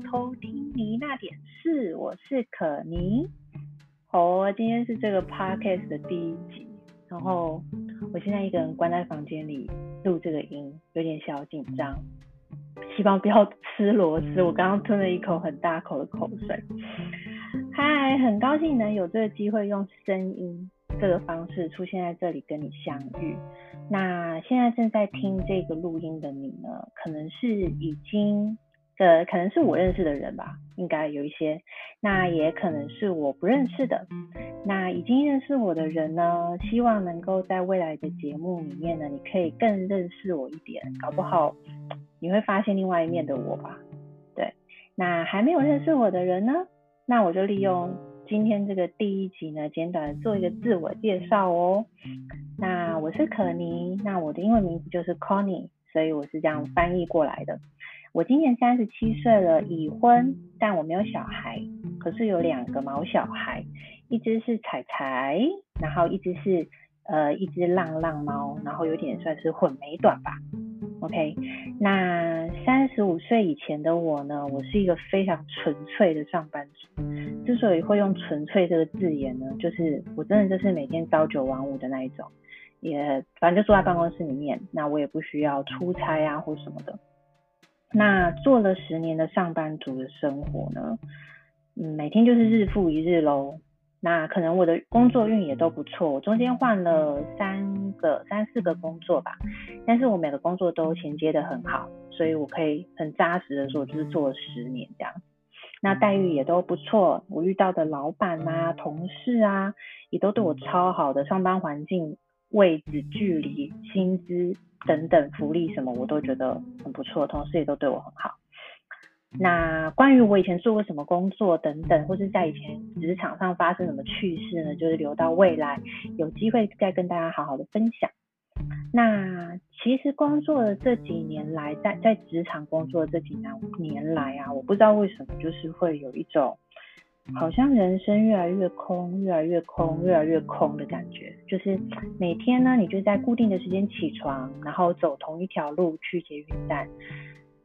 偷聽妮那點事，我是可妮。好，oh，今天是這個 podcast 的第一集。然後我現在一個人關在房間裡錄這個音，有點小緊張。希望不要吃螺絲，我剛剛吞了一口很大口的口水。嗨，很高興能有這個機會用聲音這個方式出現在這裡跟你相遇。那現在正在聽這個錄音的你呢，可能是已經。呃，可能是我認識的人吧，應該有一些。那也可能是我不認識的。那已經認識我的人呢，希望能夠在未來的節目裡面呢，你可以更認識我一點，搞不好你會發現另外一面的我吧。對。那還沒有認識我的人呢，那我就利用今天這個第一集呢，簡短的做一個自我介紹哦。那我是可妮，那我的英文名字就是 Connie，所以我是這樣翻譯過來的。我今年三十七歲了，已婚，但我沒有小孩，可是有兩個毛小孩，一隻是彩彩，然後一隻是呃一隻浪浪貓，然後有點算是混美短吧。OK，那三十五歲以前的我呢，我是一個非常純粹的上班族。之所以會用純粹這個字眼呢，就是我真的就是每天朝九晚五的那一種，也，反正就坐在辦公室裡面，那我也不需要出差啊或什麼的。那做了十年的上班族的生活呢，嗯，每天就是日復一日嘍。那可能我的工作運也都不錯，我中間換了三個、三四個工作吧，但是我每個工作都銜接的很好，所以我可以很扎實的說就是做了十年這樣。那待遇也都不錯，我遇到的老闆啊、同事啊，也都對我超好的。上班環境、位置、距離、薪資、等等福利什麼我都覺得很不錯，同事也都對我很好。那關於我以前做過什麼工作等等，或是在以前職場上發生什麼趣事呢？就是留到未來有機會再跟大家好好的分享。那其實工作的這幾年來，在在職場工作的這幾年年來啊，我不知道為什麼就是會有一種。好像人生越來越空，越來越空，越來越空的感覺，就是每天呢，你就在固定的時間起床，然後走同一條路去捷運站，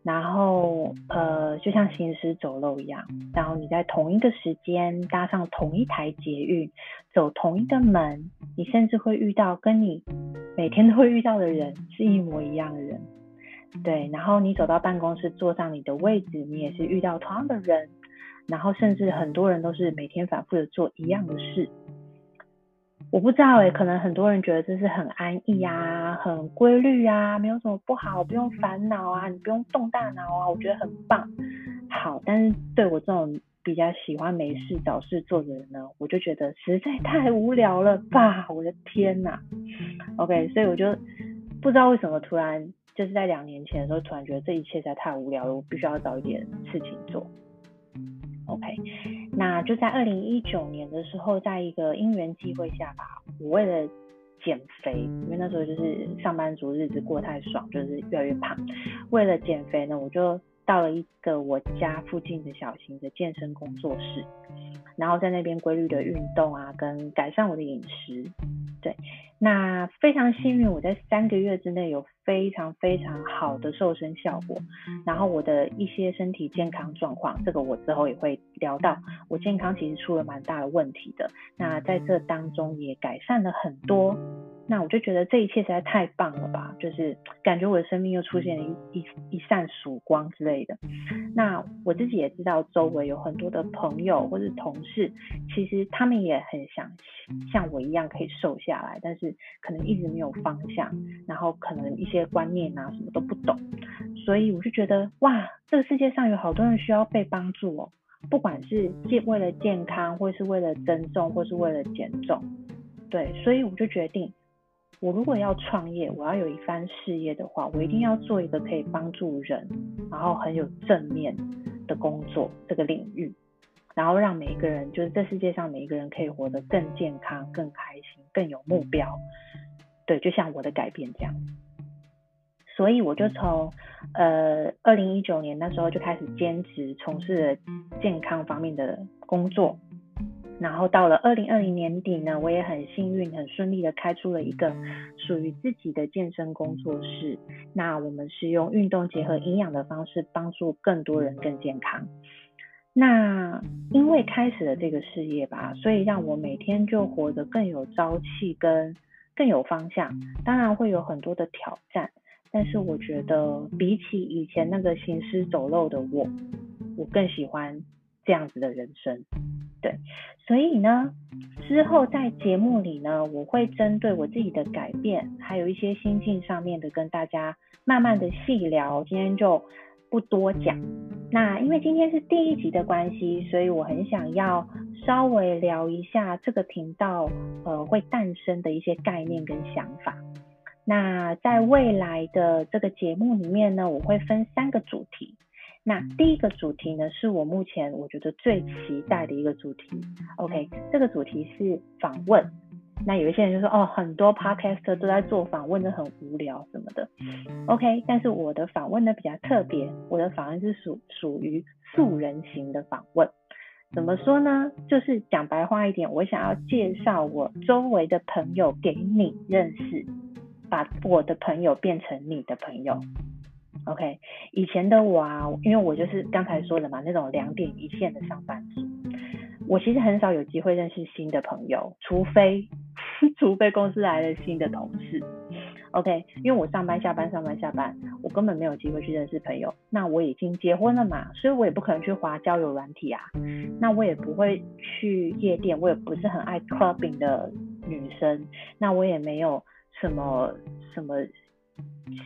然後呃，就像行屍走肉一樣，然後你在同一個時間搭上同一台捷運，走同一個門，你甚至會遇到跟你每天都會遇到的人是一模一樣的人，對，然後你走到辦公室坐上你的位置，你也是遇到同樣的人。然後甚至很多人都是每天反覆的做一樣的事，我不知道哎，可能很多人覺得這是很安逸啊，很規律啊，沒有什麼不好，不用煩惱啊，你不用動大腦啊，我覺得很棒，好，但是對我這種比較喜歡沒事找事做的人呢，我就覺得實在太無聊了吧，我的天吶，OK，所以我就不知道為什麼突然就是在兩年前的時候突然覺得這一切實在太無聊了，我必須要找一點事情做。OK，那就在二零一九年的時候，在一個因緣際會下吧，我為了減肥，因為那時候就是上班族，日子過太爽，就是越來越胖。為了減肥呢，我就到了一個我家附近的小型的健身工作室，然後在那邊規律的運動啊，跟改善我的飲食。對，那非常幸運，我在三個月之內有。非常非常好的瘦身效果，然後我的一些身體健康狀況，這個我之後也會聊到。我健康其實出了蠻大的問題的，那在這當中也改善了很多。那我就覺得這一切實在太棒了吧，就是感覺我的生命又出現了一一一扇曙光之類的。那我自己也知道，周圍有很多的朋友或是同事，其實他們也很想像我一樣可以瘦下來，但是可能一直沒有方向，然後可能一些觀念啊什麼都不懂，所以我就覺得哇，這個世界上有好多人需要被幫助哦，不管是健為了健康，或是為了增重，或是為了減重，對，所以我就決定。我如果要創業，我要有一番事業的話，我一定要做一個可以幫助人，然後很有正面的工作這個領域，然後讓每一個人，就是這世界上每一個人可以活得更健康、更開心、更有目標。對，就像我的改變這樣。所以我就從呃二零一九年那時候就開始兼職從事了健康方面的工作。然後到了二零二零年底呢，我也很幸運、很順利的開出了一個屬於自己的健身工作室。那我們是用運動結合營養的方式，幫助更多人更健康。那因為開始了這個事業吧，所以讓我每天就活得更有朝氣，跟更有方向。當然會有很多的挑戰，但是我覺得比起以前那個行屍走肉的我，我更喜歡這樣子的人生。對，所以呢，之後在節目裡呢，我會針對我自己的改變，還有一些心境上面的，跟大家慢慢的細聊。今天就不多講。那因為今天是第一集的關係，所以我很想要稍微聊一下這個頻道，呃，會誕生的一些概念跟想法。那在未來的這個節目裡面呢，我會分三個主題。那第一個主題呢，是我目前我覺得最期待的一個主題。OK，這個主題是訪問。那有一些人就說，哦，很多 Podcaster 都在做訪問的，很無聊什麼的。OK，但是我的訪問呢比較特別，我的訪問是屬屬於素人型的訪問。怎麼說呢？就是講白話一點，我想要介紹我周圍的朋友給你認識，把我的朋友變成你的朋友。OK，以前的我啊，因為我就是剛才說的嘛，那種兩點一線的上班族，我其實很少有機會認識新的朋友，除非，除非公司來了新的同事，OK，因為我上班下班上班下班，我根本沒有機會去認識朋友。那我已經結婚了嘛，所以我也不可能去滑交友軟體啊，那我也不會去夜店，我也不是很愛 clubbing 的女生，那我也沒有什麼什麼。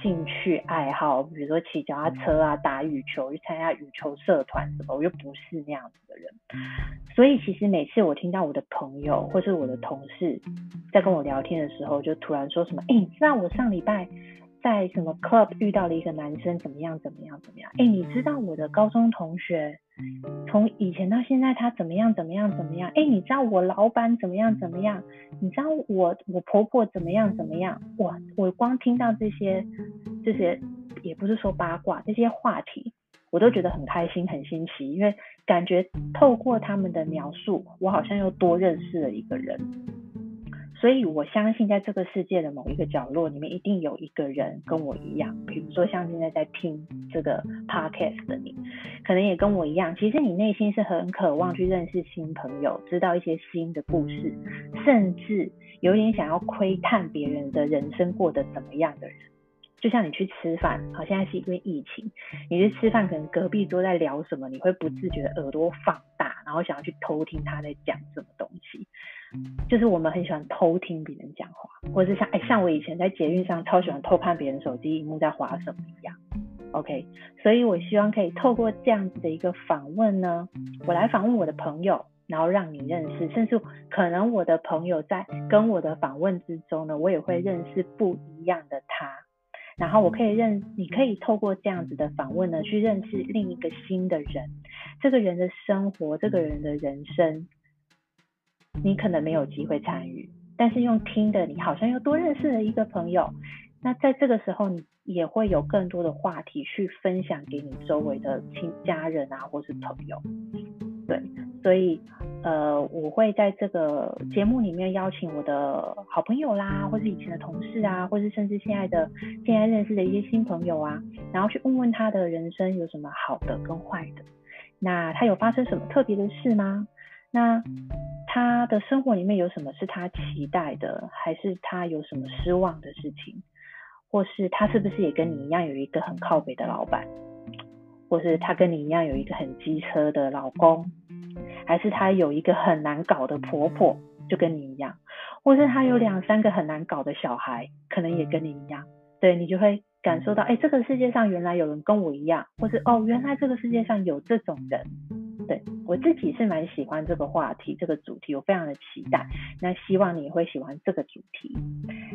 興趣愛好，比如說騎腳踏車啊，打羽球，去參加羽球社團什麼，我又不是那樣子的人。所以其實每次我聽到我的朋友或是我的同事在跟我聊天的時候，就突然說什麼，誒、欸，你知道我上禮拜在什麼 club 遇到了一個男生，怎麼樣怎麼樣怎麼樣？誒、欸，你知道我的高中同學？從以前到現在，他怎麼樣怎麼樣怎麼樣？哎，你知道我老闆怎麼樣怎麼樣？你知道我我婆婆怎麼樣怎麼樣？哇，我我光聽到這些這些，也不是說八卦，這些話題我都覺得很開心很新奇，因為感覺透過他們的描述，我好像又多認識了一個人。所以我相信，在這個世界的某一個角落，裡面一定有一個人跟我一樣，比如說像現在在聽這個 podcast 的你，可能也跟我一樣，其實你內心是很渴望去認識新朋友，知道一些新的故事，甚至有點想要窺探別人的人生過得怎麼樣的人。就像你去吃飯，好像是因為疫情，你去吃飯，可能隔壁都在聊什麼，你會不自覺的耳朵放大，然後想要去偷聽他在講什麼東西。就是我們很喜歡偷聽別人講話，或者是像誒、欸，像我以前在捷運上超喜歡偷看別人手機螢幕在滑手一樣。OK，所以我希望可以透過這樣子的一個訪問呢，我來訪問我的朋友，然後讓你認識，甚至可能我的朋友在跟我的訪問之中呢，我也會認識不一樣的他，然後我可以認，你可以透過這樣子的訪問呢，去認識另一個新的人，這個人的生活，這個人的人生。你可能沒有機會參與，但是用聽的，你好像又多認識了一個朋友。那在這個時候，你也會有更多的話題去分享給你周圍的親家人啊，或是朋友。對，所以，呃，我會在這個節目裡面邀請我的好朋友啦，或是以前的同事啊，或是甚至現在的、現在認識的一些新朋友啊，然後去問問他的人生有什麼好的跟壞的。那他有發生什麼特別的事嗎？那他的生活裡面有什麼是他期待的，還是他有什麼失望的事情，或是他是不是也跟你一樣有一個很靠北的老闆，或是他跟你一樣有一個很機車的老公，還是他有一個很難搞的婆婆，就跟你一樣，或是他有兩三個很難搞的小孩，可能也跟你一樣。對，你就會感受到，哎、欸，這個世界上原來有人跟我一樣，或是哦，原來這個世界上有這種人。對我自己是蠻喜歡這個話題，這個主題我非常的期待。那希望你會喜歡這個主題。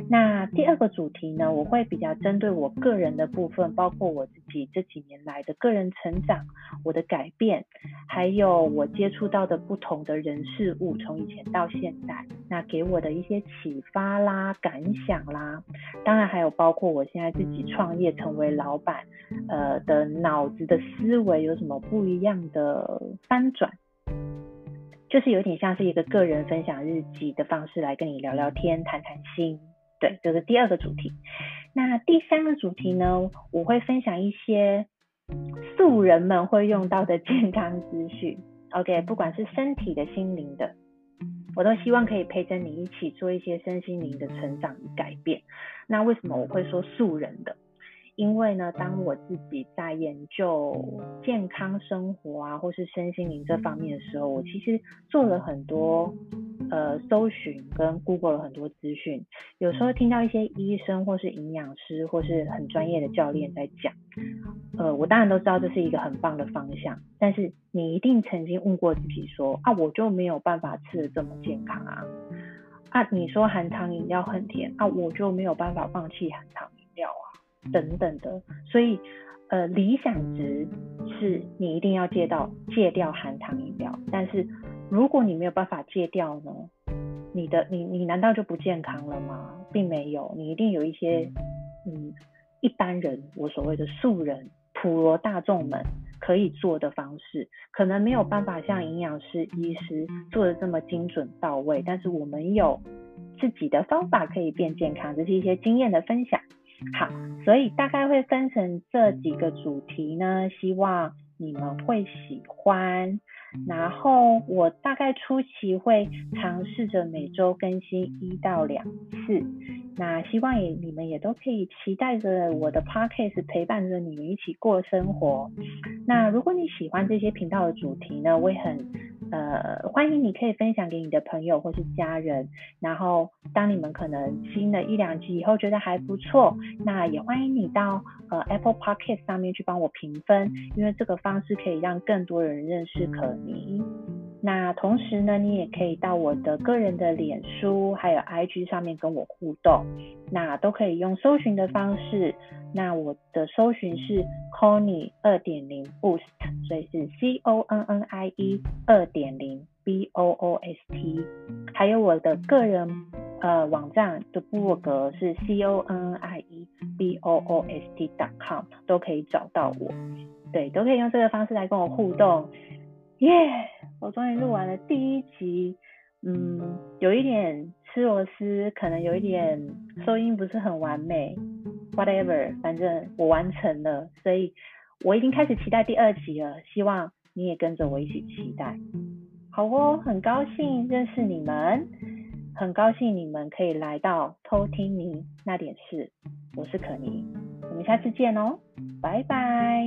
那第二個主題呢，我會比較針對我個人的部分，包括我自己這幾年來的個人成長、我的改變，還有我接觸到的不同的人事物，從以前到現在，那給我的一些啟發啦、感想啦。當然還有包括我現在自己創業成為老板，呃的腦子的思維有什麼不一樣的，翻轉，就是有點像是一個個人分享日記的方式來跟你聊聊天，談談心，對，這是第二個主題。那第三個主題呢，我會分享一些素人們會用到的健康資訊。OK，不管是身體的、心靈的，我都希望可以陪着你一起做一些身心靈的成長與改變。那為什麼我會說素人的？因為呢，當我自己在研究健康生活啊，或是身心靈這方面的時候，我其實做了很多呃搜尋跟 Google 了很多資訊。有時候聽到一些醫生或是營養師或是很專業的教練在講，呃，我當然都知道這是一個很棒的方向。但是你一定曾經問過自己說啊，我就沒有辦法吃得這麼健康啊。啊，你說含糖飲料很甜，啊，我就沒有辦法放棄含糖。等等的，所以，呃，理想值是你一定要戒到戒掉含糖飲料。但是，如果你沒有辦法戒掉呢，你的你你難道就不健康了嗎？並沒有，你一定有一些嗯，一般人我所謂的素人普羅大眾們可以做的方式，可能沒有辦法像營養師、醫師做的這麼精準到位，但是我們有自己的方法可以變健康，這是一些經驗的分享。好，所以大概會分成這幾個主題呢，希望你們會喜歡。然後我大概初期會嘗試着每週更新一到兩次，那希望也你們也都可以期待着我的 podcast，陪伴着你們一起過生活。那如果你喜歡這些頻道的主題呢，我也很。呃，歡迎你可以分享給你的朋友或是家人，然後當你們可能聽了一兩集以後覺得還不錯，那也歡迎你到呃 Apple Podcast 上面去幫我評分，因為這個方式可以讓更多人認識可妮。那同時呢，你也可以到我的個人的臉書還有 IG 上面跟我互動，那都可以用搜尋的方式。那我的搜尋是 Connie 二點零 Boost，所以是 C O N N I E 二點零 B O O S T，還有我的個人呃網站的部落格是 ConnieBoost.com，都可以找到我，對，都可以用這個方式來跟我互動。耶！Yeah, 我終於錄完了第一集，嗯，有一點吃螺絲，可能有一點收音不是很完美，whatever，反正我完成了，所以我已經開始期待第二集了，希望你也跟着我一起期待。好哦，很高興認識你們，很高興你們可以來到偷聽妮那點事，我是可妮，我們下次見哦，拜拜。